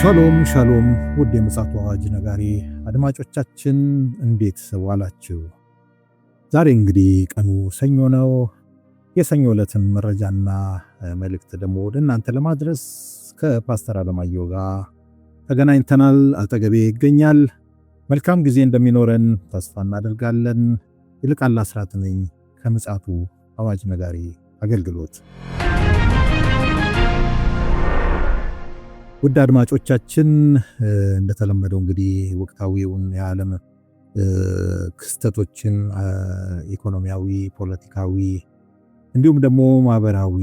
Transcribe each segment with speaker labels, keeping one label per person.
Speaker 1: ሻሎም ሻሎም ውድ የምፅዓቱ አዋጅ ነጋሪ አድማጮቻችን እንዴት ዋላችሁ? ዛሬ እንግዲህ ቀኑ ሰኞ ነው። የሰኞ ዕለትን መረጃና መልእክት ደግሞ ወደ እናንተ ለማድረስ ከፓስተር አለማየሁ ጋር ተገናኝተናል። አጠገቤ ይገኛል። መልካም ጊዜ እንደሚኖረን ተስፋ እናደርጋለን። ይልቃል አስራት ነኝ ከምፅዓቱ አዋጅ ነጋሪ አገልግሎት ውድ አድማጮቻችን እንደተለመደው እንግዲህ ወቅታዊውን የዓለም ክስተቶችን ኢኮኖሚያዊ፣ ፖለቲካዊ እንዲሁም ደግሞ ማህበራዊ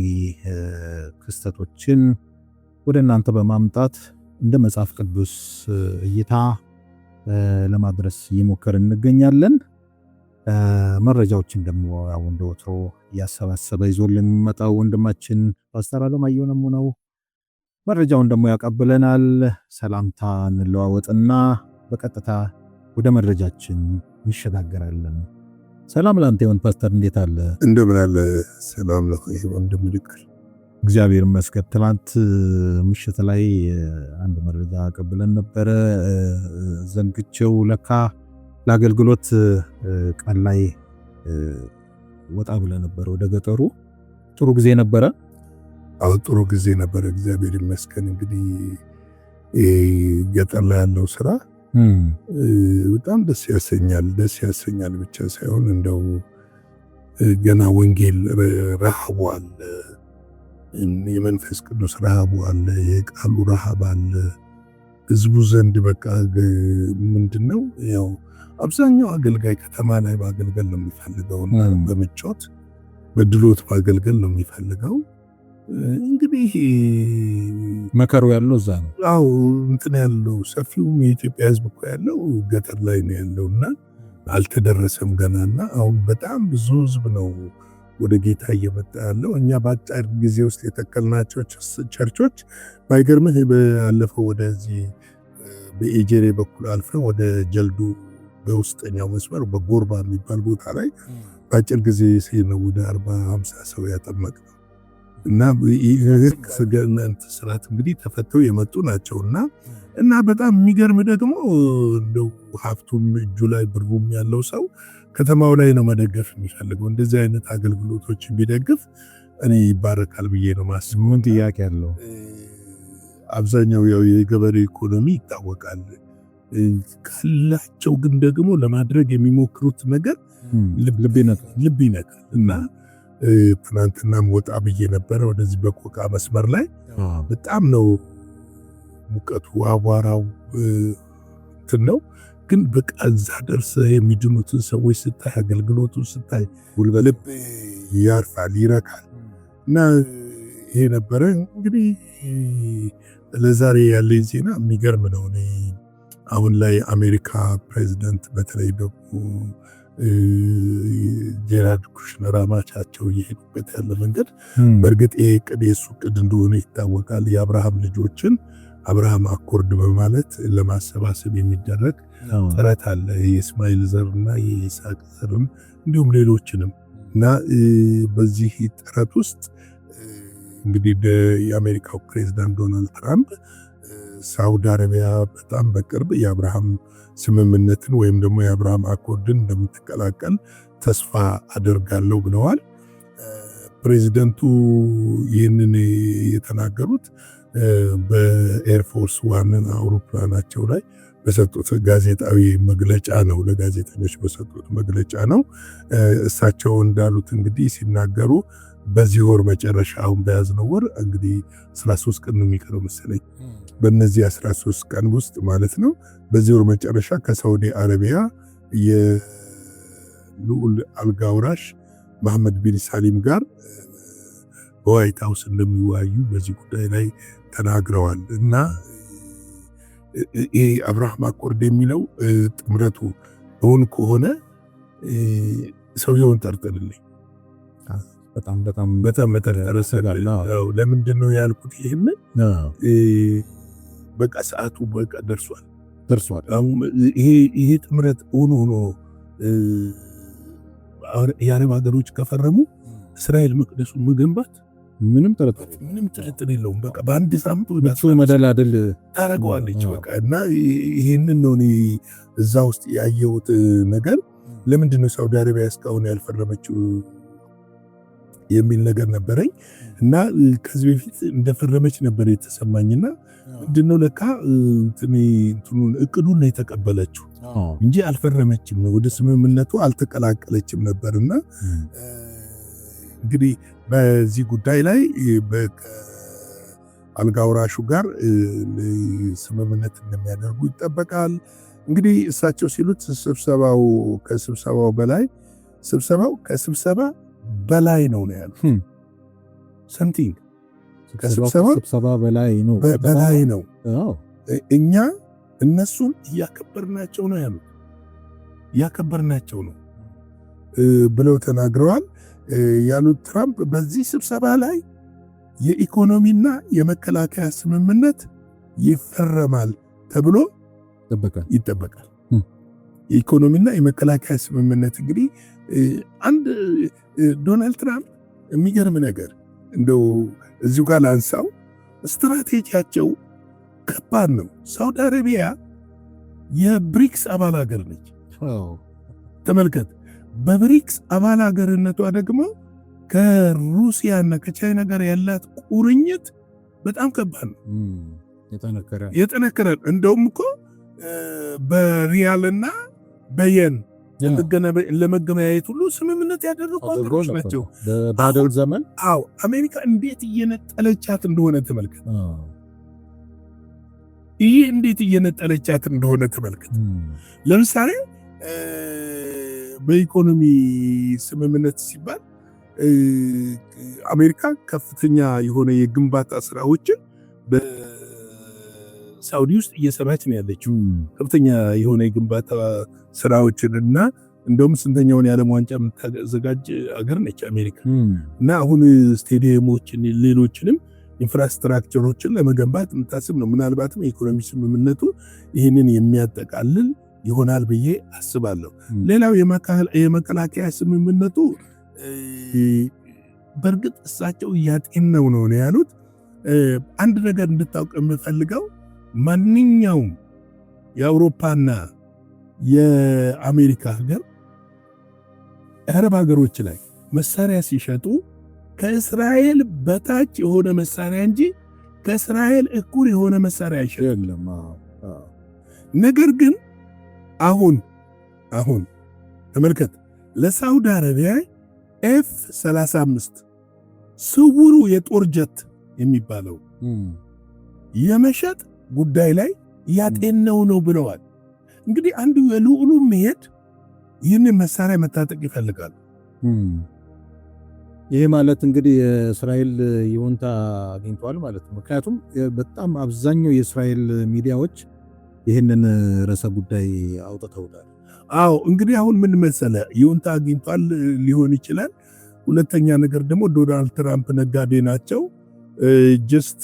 Speaker 1: ክስተቶችን ወደ እናንተ በማምጣት እንደ መጽሐፍ ቅዱስ እይታ ለማድረስ እየሞከር እንገኛለን። መረጃዎችን ደግሞ ያው እንደወትሮ እያሰባሰበ ይዞልን የሚመጣው ወንድማችን ፓስተር አለማየሁ ነው። መረጃውን ደግሞ ያቀብለናል። ሰላምታ እንለዋወጥና በቀጥታ ወደ መረጃችን እንሸጋገራለን። ሰላም ላንተ ይሁን ፓስተር፣ እንዴት አለ?
Speaker 2: እንደምን አለ? ሰላም ለምድክር
Speaker 1: እግዚአብሔር ይመስገን። ትናንት ምሽት ላይ አንድ መረጃ ቀብለን ነበረ፣ ዘንግቼው ለካ ለአገልግሎት ቀን ላይ ወጣ ብለ ነበረ ወደ ገጠሩ። ጥሩ ጊዜ ነበረ።
Speaker 2: አሁ ጥሩ ጊዜ ነበረ። እግዚአብሔር ይመስገን። እንግዲህ ገጠር ላይ ያለው ስራ በጣም ደስ ያሰኛል። ደስ ያሰኛል ብቻ ሳይሆን እንደው ገና ወንጌል ረሃቡ አለ፣ የመንፈስ ቅዱስ ረሃቡ አለ፣ የቃሉ ረሃብ አለ። ህዝቡ ዘንድ በቃ ምንድን ነው ያው አብዛኛው አገልጋይ ከተማ ላይ በአገልገል ነው የሚፈልገው እና በምቾት በድሎት በአገልገል ነው የሚፈልገው እንግዲህ
Speaker 1: መከሩ ያለው እዛ ነው።
Speaker 2: አዎ እንትን ያለው ሰፊውም የኢትዮጵያ ሕዝብ እኮ ያለው ገጠር ላይ ነው ያለው እና አልተደረሰም እና አሁን በጣም ብዙ ሕዝብ ነው ወደ ጌታ እየመጣ ያለው። እኛ በአጭር ጊዜ ውስጥ የተከልናቸው ቸርቾች ባይገርምህ ባለፈው ወደዚህ በኤጀሬ በኩል አልፈ ወደ ጀልዱ በውስጠኛው መስመር በጎርባ የሚባል ቦታ ላይ በአጭር ጊዜ ነው ወደ አርባ ሃምሳ ሰው ያጠመቅ ነው እና ህግ ስርዓት እንግዲህ ተፈተው የመጡ ናቸው እና እና በጣም የሚገርም ደግሞ እንደው ሀብቱም እጁ ላይ ብሩም ያለው ሰው ከተማው ላይ ነው መደገፍ የሚፈልገው። እንደዚህ አይነት አገልግሎቶች ቢደግፍ እኔ ይባረካል ብዬ ነው ማስበው።
Speaker 1: ምን ጥያቄ አለው?
Speaker 2: አብዛኛው ያው የገበሬ ኢኮኖሚ ይታወቃል። ካላቸው ግን ደግሞ ለማድረግ የሚሞክሩት ነገር ልብ ይነካል እና ትናንትናም ወጣ ብዬ ነበረ ወደዚህ በቆቃ መስመር ላይ በጣም ነው ሙቀቱ፣ አቧራው እንትን ነው። ግን በቃ እዛ ደርሰ የሚድኑትን ሰዎች ስታይ፣ አገልግሎቱን ስታይ ልብ ያርፋል፣ ይረካል። እና ይሄ ነበረ እንግዲህ ለዛሬ ያለኝ ዜና የሚገርም ነው። አሁን ላይ አሜሪካ ፕሬዚደንት በተለይ ደግሞ ጄራርድ ኩሽነር አማቻቸው እየሄዱበት ያለ መንገድ በእርግጥ ይህ ቅድ የሱ ቅድ እንደሆነ ይታወቃል። የአብርሃም ልጆችን አብርሃም አኮርድ በማለት ለማሰባሰብ የሚደረግ ጥረት አለ። የእስማኤል ዘርና የይስሐቅ ዘርም እንዲሁም ሌሎችንም እና በዚህ ጥረት ውስጥ እንግዲህ የአሜሪካው ፕሬዚዳንት ዶናልድ ትራምፕ ሳውዲ አረቢያ በጣም በቅርብ የአብርሃም ስምምነትን ወይም ደግሞ የአብርሃም አኮርድን እንደምትቀላቀል ተስፋ አደርጋለሁ ብለዋል። ፕሬዚደንቱ ይህንን የተናገሩት በኤርፎርስ ዋንን አውሮፕላናቸው ላይ በሰጡት ጋዜጣዊ መግለጫ ነው። ለጋዜጠኞች በሰጡት መግለጫ ነው። እሳቸው እንዳሉት እንግዲህ ሲናገሩ በዚህ ወር መጨረሻ አሁን በያዝነው ወር እንግዲህ 13 ቀን ነው የሚቀረው መሰለኝ። በእነዚህ 13 ቀን ውስጥ ማለት ነው በዚህ ወር መጨረሻ ከሳውዲ አረቢያ የልዑል አልጋ መሐመድ ቢን ሳሊም ጋር በዋይት ሀውስ እንደሚወያዩ በዚህ ጉዳይ ላይ ተናግረዋል እና ይሄ አብርሃም አኮርድ የሚለው ጥምረቱ እውን ከሆነ ሰውየውን ጠርጥርልኝ በጣም በጣም በጣም በጣም ለምንድን ነው ያልኩት? ይህን በቃ ሰዓቱ በቃ ደርሷል ደርሷል። ይሄ ጥምረት ሆኖ ሆኖ የአረብ ሀገሮች ከፈረሙ እስራኤል መቅደሱን መገንባት ምንም ጥርጥር ምንም ጥርጥር የለውም። በቃ በአንድ ሳምንት
Speaker 1: እሱ መደላደል
Speaker 2: ታደርገዋለች። በቃ እና ይህንን ነው እኔ እዛ ውስጥ ያየሁት ነገር። ለምንድን ነው ሳውዲ አረቢያ እስካሁን ያልፈረመችው? የሚል ነገር ነበረኝ እና ከዚህ በፊት እንደፈረመች ነበር የተሰማኝና ምንድነው ለካ እቅዱን ነው የተቀበለችው እንጂ አልፈረመችም፣ ወደ ስምምነቱ አልተቀላቀለችም እና እንግዲህ በዚህ ጉዳይ ላይ አልጋ ጋር ስምምነት እንደሚያደርጉ ይጠበቃል። እንግዲህ እሳቸው ሲሉት ስብሰባው ከስብሰባው በላይ ስብሰባው ከስብሰባ በላይ ነው ነው ያሉት። ሰምቲንግ hmm.
Speaker 1: ስብሰባ በላይ ነው
Speaker 2: በላይ ነው። እኛ እነሱን እያከበርናቸው ነው ያሉት እያከበርናቸው ነው ብለው ተናግረዋል ያሉት ትራምፕ በዚህ ስብሰባ ላይ የኢኮኖሚና የመከላከያ ስምምነት ይፈረማል ተብሎ ይጠበቃል። hmm. የኢኮኖሚና የመከላከያ ስምምነት እንግዲህ አንድ ዶናልድ ትራምፕ የሚገርም ነገር እንደው እዚሁ ጋር ላንሳው፣ ስትራቴጂያቸው ከባድ ነው። ሳውዲ አረቢያ የብሪክስ አባል ሀገር ነች። ተመልከት፣ በብሪክስ አባል ሀገርነቷ ደግሞ ከሩሲያና ከቻይና ጋር ያላት ቁርኝት በጣም ከባድ ነው፣ የጠነከረ እንደውም እኮ እና በየን ለመገበያየት ሁሉ ስምምነት ያደረጉ
Speaker 1: ሀገሮች ናቸው። በባደል ዘመን
Speaker 2: አዎ፣ አሜሪካ እንዴት እየነጠለቻት እንደሆነ ተመልከት። ይህ እንዴት እየነጠለቻት እንደሆነ ተመልከት። ለምሳሌ በኢኮኖሚ ስምምነት ሲባል አሜሪካ ከፍተኛ የሆነ የግንባታ ስራዎችን ሳውዲ ውስጥ እየሰራች ነው ያለችው ከፍተኛ የሆነ የግንባታ ስራዎችን እና እንደውም ስንተኛውን የዓለም ዋንጫ የምታዘጋጅ አገር ነች አሜሪካ። እና አሁን ስቴዲየሞችን፣ ሌሎችንም ኢንፍራስትራክቸሮችን ለመገንባት የምታስብ ነው። ምናልባትም የኢኮኖሚ ስምምነቱ ይህንን የሚያጠቃልል ይሆናል ብዬ አስባለሁ። ሌላው የመከላከያ ስምምነቱ በእርግጥ እሳቸው እያጤነው ነው ነው ያሉት። አንድ ነገር እንድታውቅ የምፈልገው ማንኛውም የአውሮፓና የአሜሪካ ሀገር የአረብ ሀገሮች ላይ መሳሪያ ሲሸጡ ከእስራኤል በታች የሆነ መሳሪያ እንጂ ከእስራኤል እኩል የሆነ መሳሪያ
Speaker 1: አይሸጥም።
Speaker 2: ነገር ግን አሁን አሁን ተመልከት ለሳውዲ አረቢያ ኤፍ 35 ስውሩ የጦር ጀት የሚባለው የመሸጥ ጉዳይ ላይ ያጤነው ነው ብለዋል። እንግዲህ አንዱ የልዑሉ መሄድ ይህንን መሳሪያ መታጠቅ ይፈልጋል።
Speaker 1: ይህ ማለት እንግዲህ የእስራኤል ይሁንታ አግኝተዋል ማለት ነው። ምክንያቱም በጣም አብዛኛው የእስራኤል ሚዲያዎች ይህንን ርዕሰ ጉዳይ አውጥተውታል።
Speaker 2: አዎ እንግዲህ አሁን ምን መሰለ ይሁንታ አግኝቷል ሊሆን ይችላል። ሁለተኛ ነገር ደግሞ ዶናልድ ትራምፕ ነጋዴ ናቸው ጀስት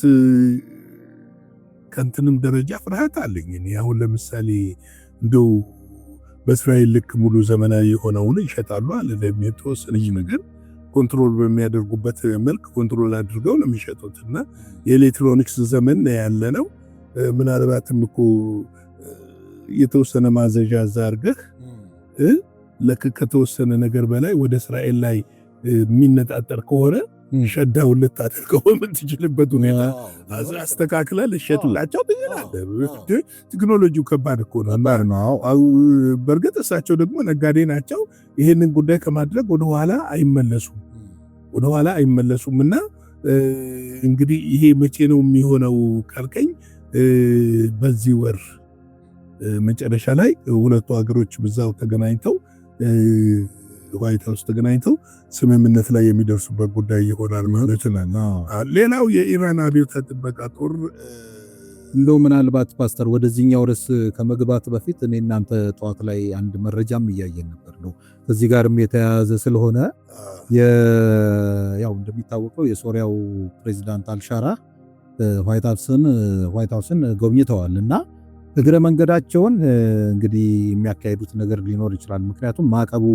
Speaker 2: ከእንትንም ደረጃ ፍርሃት አለኝ። እኔ አሁን ለምሳሌ እንደው በእስራኤል ልክ ሙሉ ዘመናዊ የሆነውን ይሸጣሉ አለ የተወሰነች ነገር ኮንትሮል በሚያደርጉበት መልክ ኮንትሮል አድርገው ነው የሚሸጡት። እና የኤሌክትሮኒክስ ዘመን ያለ ነው። ምናልባትም እኮ የተወሰነ ማዘዣ እዛ አድርገህ ከተወሰነ ነገር በላይ ወደ እስራኤል ላይ የሚነጣጠር ከሆነ ሸዳውን ልታደርገው የምትችልበት ሁኔታ አስተካክለ ልሸጥላቸው ትችላለህ። ቴክኖሎጂው ከባድ እኮ ነው። በእርግጥ እሳቸው ደግሞ ነጋዴ ናቸው። ይህንን ጉዳይ ከማድረግ ወደኋላ አይመለሱም ወደኋላ አይመለሱም እና እንግዲህ ይሄ መቼ ነው የሚሆነው ካልከኝ በዚህ ወር መጨረሻ ላይ ሁለቱ ሀገሮች ብዛው ተገናኝተው ዋይት ሀውስ ተገናኝተው ስምምነት ላይ የሚደርሱበት ጉዳይ ይሆናል ማለት ሌላው የኢራን አብዮት ጥበቃ ጦር
Speaker 1: እንደው ምናልባት ፓስተር ወደዚህኛው ርዕስ ከመግባት በፊት እኔ እናንተ ጠዋት ላይ አንድ መረጃም እያየን ነበር ነው እዚህ ጋርም የተያያዘ ስለሆነ ያው እንደሚታወቀው የሶሪያው ፕሬዚዳንት አልሻራ ዋይት ሀውስን ጎብኝተዋል እና እግረ መንገዳቸውን እንግዲህ የሚያካሄዱት ነገር ሊኖር ይችላል። ምክንያቱም ማዕቀቡ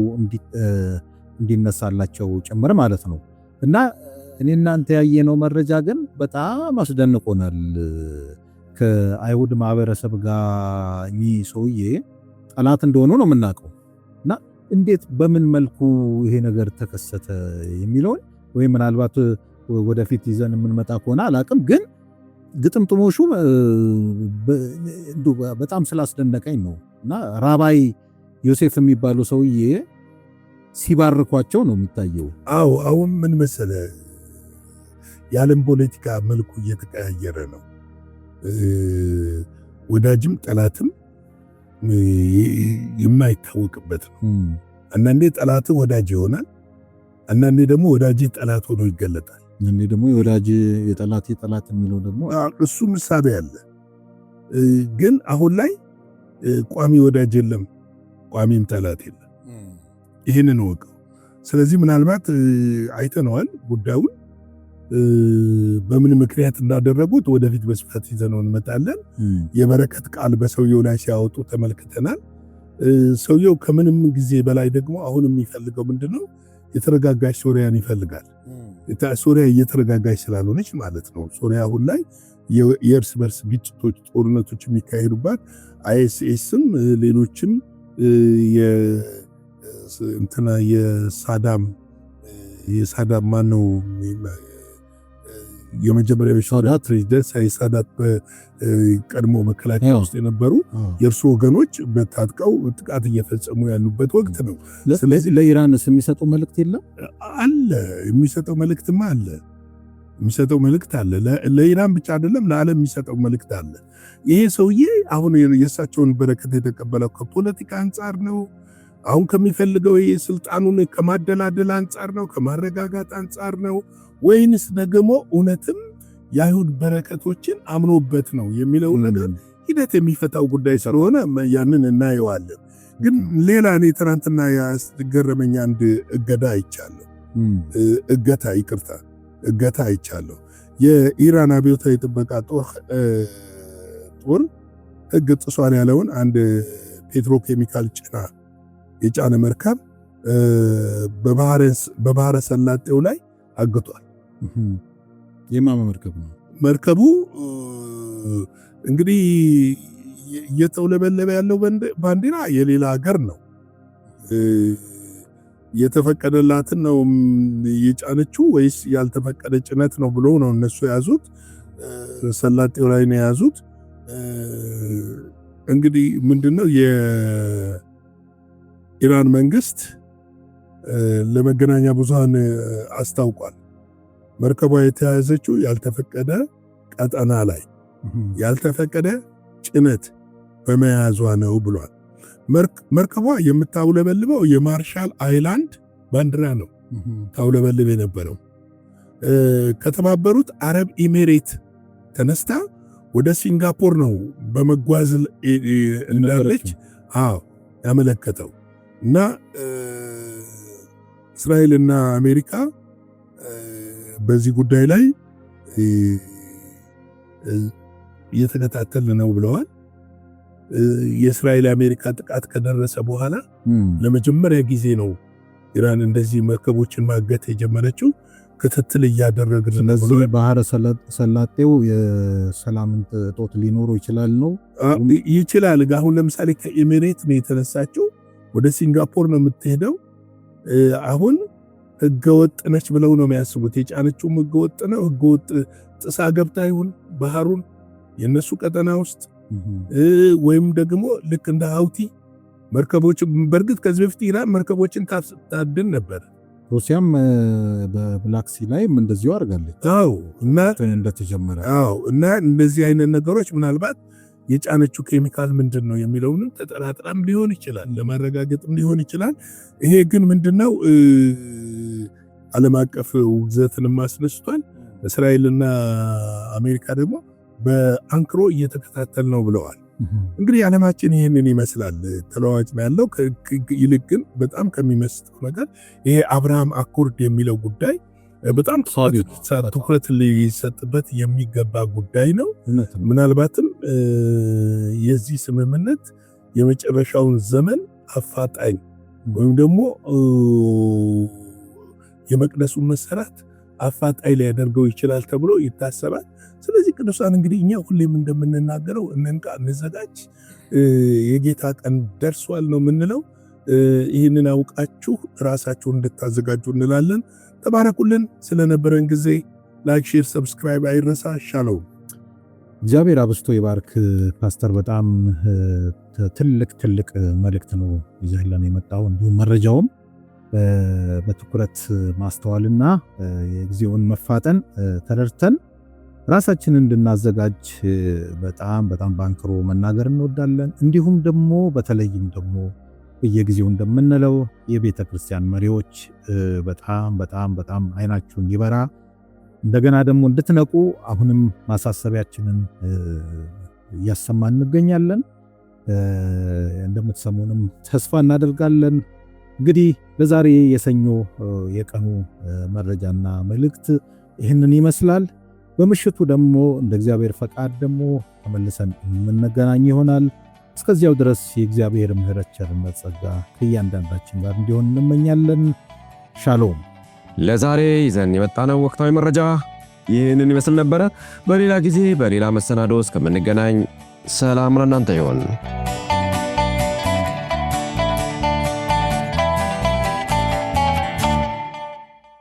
Speaker 1: እንዲነሳላቸው ጭምር ማለት ነው። እና እኔ እናንተ ያየነው መረጃ ግን በጣም አስደንቆናል። ከአይሁድ ማህበረሰብ ጋር እኚህ ሰውዬ ጠላት እንደሆኑ ነው የምናውቀው። እና እንዴት በምን መልኩ ይሄ ነገር ተከሰተ የሚለውን ወይም ምናልባት ወደፊት ይዘን የምንመጣ ከሆነ አላቅም ግን ግጥምጥሞሹ በጣም ስላስደነቀኝ ነው። እና ራባይ ዮሴፍ የሚባሉ ሰውዬ ሲባርኳቸው ነው የሚታየው።
Speaker 2: አዎ አሁን ምን መሰለ፣ የዓለም ፖለቲካ መልኩ እየተቀያየረ ነው። ወዳጅም ጠላትም የማይታወቅበት ነው። አንዳንዴ ጠላት ወዳጅ ይሆናል፣ አንዳንዴ ደግሞ ወዳጅ ጠላት ሆኖ ይገለጣል።
Speaker 1: እኔ ደግሞ የወዳጅ የጠላት የጠላት የሚለው ደግሞ
Speaker 2: እሱ ምሳሌ አለ። ግን አሁን ላይ ቋሚ ወዳጅ የለም፣ ቋሚም ጠላት የለም። ይህንን ወቀው። ስለዚህ ምናልባት አይተነዋል ጉዳዩን በምን ምክንያት እንዳደረጉት ወደፊት በስፋት ይዘነው እንመጣለን። የበረከት ቃል በሰውየው ላይ ሲያወጡ ተመልክተናል። ሰውየው ከምንም ጊዜ በላይ ደግሞ አሁን የሚፈልገው ምንድነው? የተረጋጋች ሶሪያን ይፈልጋል። ሶሪያ እየተረጋጋች ስላልሆነች ማለት ነው። ሶሪያ አሁን ላይ የእርስ በርስ ግጭቶች፣ ጦርነቶች የሚካሄዱባት አይኤስኤስም ሌሎችም እንትና የሳዳም የሳዳም ማነው የመጀመሪያ ሻሃዳት ሬዚደንስ ሳይሳዳት በቀድሞ መከላከያ ውስጥ የነበሩ የእርሱ ወገኖች በታጥቀው ጥቃት እየፈጸሙ ያሉበት ወቅት ነው።
Speaker 1: ስለዚህ ለኢራንስ የሚሰጠው መልእክት የለም
Speaker 2: አለ። የሚሰጠው መልእክትማ አለ የሚሰጠው መልእክት አለ። ለኢራን ብቻ አይደለም፣ ለዓለም የሚሰጠው መልእክት አለ። ይሄ ሰውዬ አሁን የእሳቸውን በረከት የተቀበለው ከፖለቲካ አንጻር ነው። አሁን ከሚፈልገው ይሄ ስልጣኑን ከማደላደል አንጻር ነው፣ ከማረጋጋት አንጻር ነው። ወይንስ ደግሞ እውነትም የአይሁድ በረከቶችን አምኖበት ነው የሚለው ነገር ሂደት የሚፈታው ጉዳይ ስለሆነ ያንን እናየዋለን። ግን ሌላ እኔ ትናንትና ያስገረመኝ አንድ እገዳ አይቻለሁ፣ እገታ ይቅርታ፣ እገታ አይቻለሁ። የኢራን አብዮታዊ ጥበቃ ጦር ህግ ጥሷል ያለውን አንድ ፔትሮኬሚካል ጭና የጫነ መርከብ በባህረ ሰላጤው ላይ አግቷል።
Speaker 1: የማማ መርከብ ነው።
Speaker 2: መርከቡ እንግዲህ እየተውለበለበ ያለው ባንዲራ የሌላ ሀገር ነው። የተፈቀደላትን ነው የጫነችው ወይስ ያልተፈቀደ ጭነት ነው ብሎ ነው እነሱ የያዙት። ሰላጤው ላይ ነው የያዙት። እንግዲህ ምንድነው የኢራን መንግስት ለመገናኛ ብዙሃን አስታውቋል። መርከቧ የተያዘችው ያልተፈቀደ ቀጠና ላይ ያልተፈቀደ ጭነት በመያዟ ነው ብሏል። መርከቧ የምታውለበልበው የማርሻል አይላንድ ባንዲራ ነው ታውለበልብ የነበረው። ከተባበሩት አረብ ኢሜሬት ተነስታ ወደ ሲንጋፖር ነው በመጓዝ እንዳለች ያመለከተው እና እስራኤልና አሜሪካ በዚህ ጉዳይ ላይ እየተከታተል ነው ብለዋል። የእስራኤል አሜሪካ ጥቃት ከደረሰ በኋላ ለመጀመሪያ ጊዜ ነው ኢራን እንደዚህ መርከቦችን ማገት የጀመረችው። ክትትል እያደረግ
Speaker 1: ስለዚህ ባህረ ሰላጤው የሰላምን እጦት ሊኖሩ ይችላል ነው
Speaker 2: ይችላል። አሁን ለምሳሌ ከኤሚሬት ነው የተነሳችው፣ ወደ ሲንጋፖር ነው የምትሄደው። አሁን ህገወጥ ነች ብለው ነው የሚያስቡት። የጫነችውም ህገወጥ ነው። ህገወጥ ጥሳ ገብታ ይሁን ባህሩን የነሱ ቀጠና ውስጥ ወይም ደግሞ ልክ እንደ ሀውቲ መርከቦች በእርግጥ ከዚህ በፊት ኢራን መርከቦችን ታድን ነበር።
Speaker 1: ሩሲያም በብላክሲ ላይም እንደዚሁ አድርጋለች። እና እንደተጀመረ
Speaker 2: እና እንደዚህ አይነት ነገሮች ምናልባት የጫነችው ኬሚካል ምንድን ነው የሚለውንም ተጠራጥራም ሊሆን ይችላል፣ ለማረጋገጥም ሊሆን ይችላል። ይሄ ግን ምንድነው ዓለም አቀፍ ውግዘትንም አስነስቷል። እስራኤልና አሜሪካ ደግሞ በአንክሮ እየተከታተል ነው ብለዋል። እንግዲህ ዓለማችን ይህንን ይመስላል። ተለዋዋጭ ነው ያለው። ይልቅ ግን በጣም ከሚመስጠው ነገር ይሄ አብርሃም አኮርድ የሚለው ጉዳይ በጣም ተዋጊዎች ትኩረት ሊሰጥበት የሚገባ ጉዳይ ነው። ምናልባትም የዚህ ስምምነት የመጨረሻውን ዘመን አፋጣኝ ወይም ደግሞ የመቅደሱን መሰራት አፋጣኝ ሊያደርገው ይችላል ተብሎ ይታሰባል። ስለዚህ ቅዱሳን እንግዲህ እኛ ሁሌም እንደምንናገረው እንንቃ፣ እንዘጋጅ፣ የጌታ ቀን ደርሷል ነው የምንለው። ይህንን አውቃችሁ ራሳችሁ እንድታዘጋጁ እንላለን። ተባረኩልን። ስለነበረን ጊዜ ላይክ፣ ሼር፣ ሰብስክራይብ አይረሳ። ሻለው
Speaker 1: እግዚአብሔር አብስቶ የባርክ። ፓስተር በጣም ትልቅ ትልቅ መልእክት ነው ይዘህልን የመጣው እንዲሁም መረጃውም በትኩረት ማስተዋልና የጊዜውን መፋጠን ተረድተን ራሳችንን እንድናዘጋጅ በጣም በጣም ባንክሮ መናገር እንወዳለን። እንዲሁም ደግሞ በተለይም ደግሞ በየጊዜው እንደምንለው የቤተ ክርስቲያን መሪዎች በጣም በጣም በጣም አይናችሁን ይበራ። እንደገና ደግሞ እንድትነቁ አሁንም ማሳሰቢያችንን እያሰማን እንገኛለን። እንደምትሰሙንም ተስፋ እናደርጋለን። እንግዲህ ለዛሬ የሰኞ የቀኑ መረጃና መልእክት ይህንን ይመስላል። በምሽቱ ደግሞ እንደ እግዚአብሔር ፈቃድ ደግሞ ተመልሰን የምንገናኝ ይሆናል። እስከዚያው ድረስ የእግዚአብሔር ምሕረት፣ ቸርነት፣ ጸጋ ከእያንዳንዳችን ጋር እንዲሆን እንመኛለን። ሻሎም።
Speaker 3: ለዛሬ ይዘን የመጣነው ወቅታዊ መረጃ ይህንን ይመስል ነበረ። በሌላ ጊዜ በሌላ መሰናዶ እስከምንገናኝ ሰላም ለእናንተ ይሆን።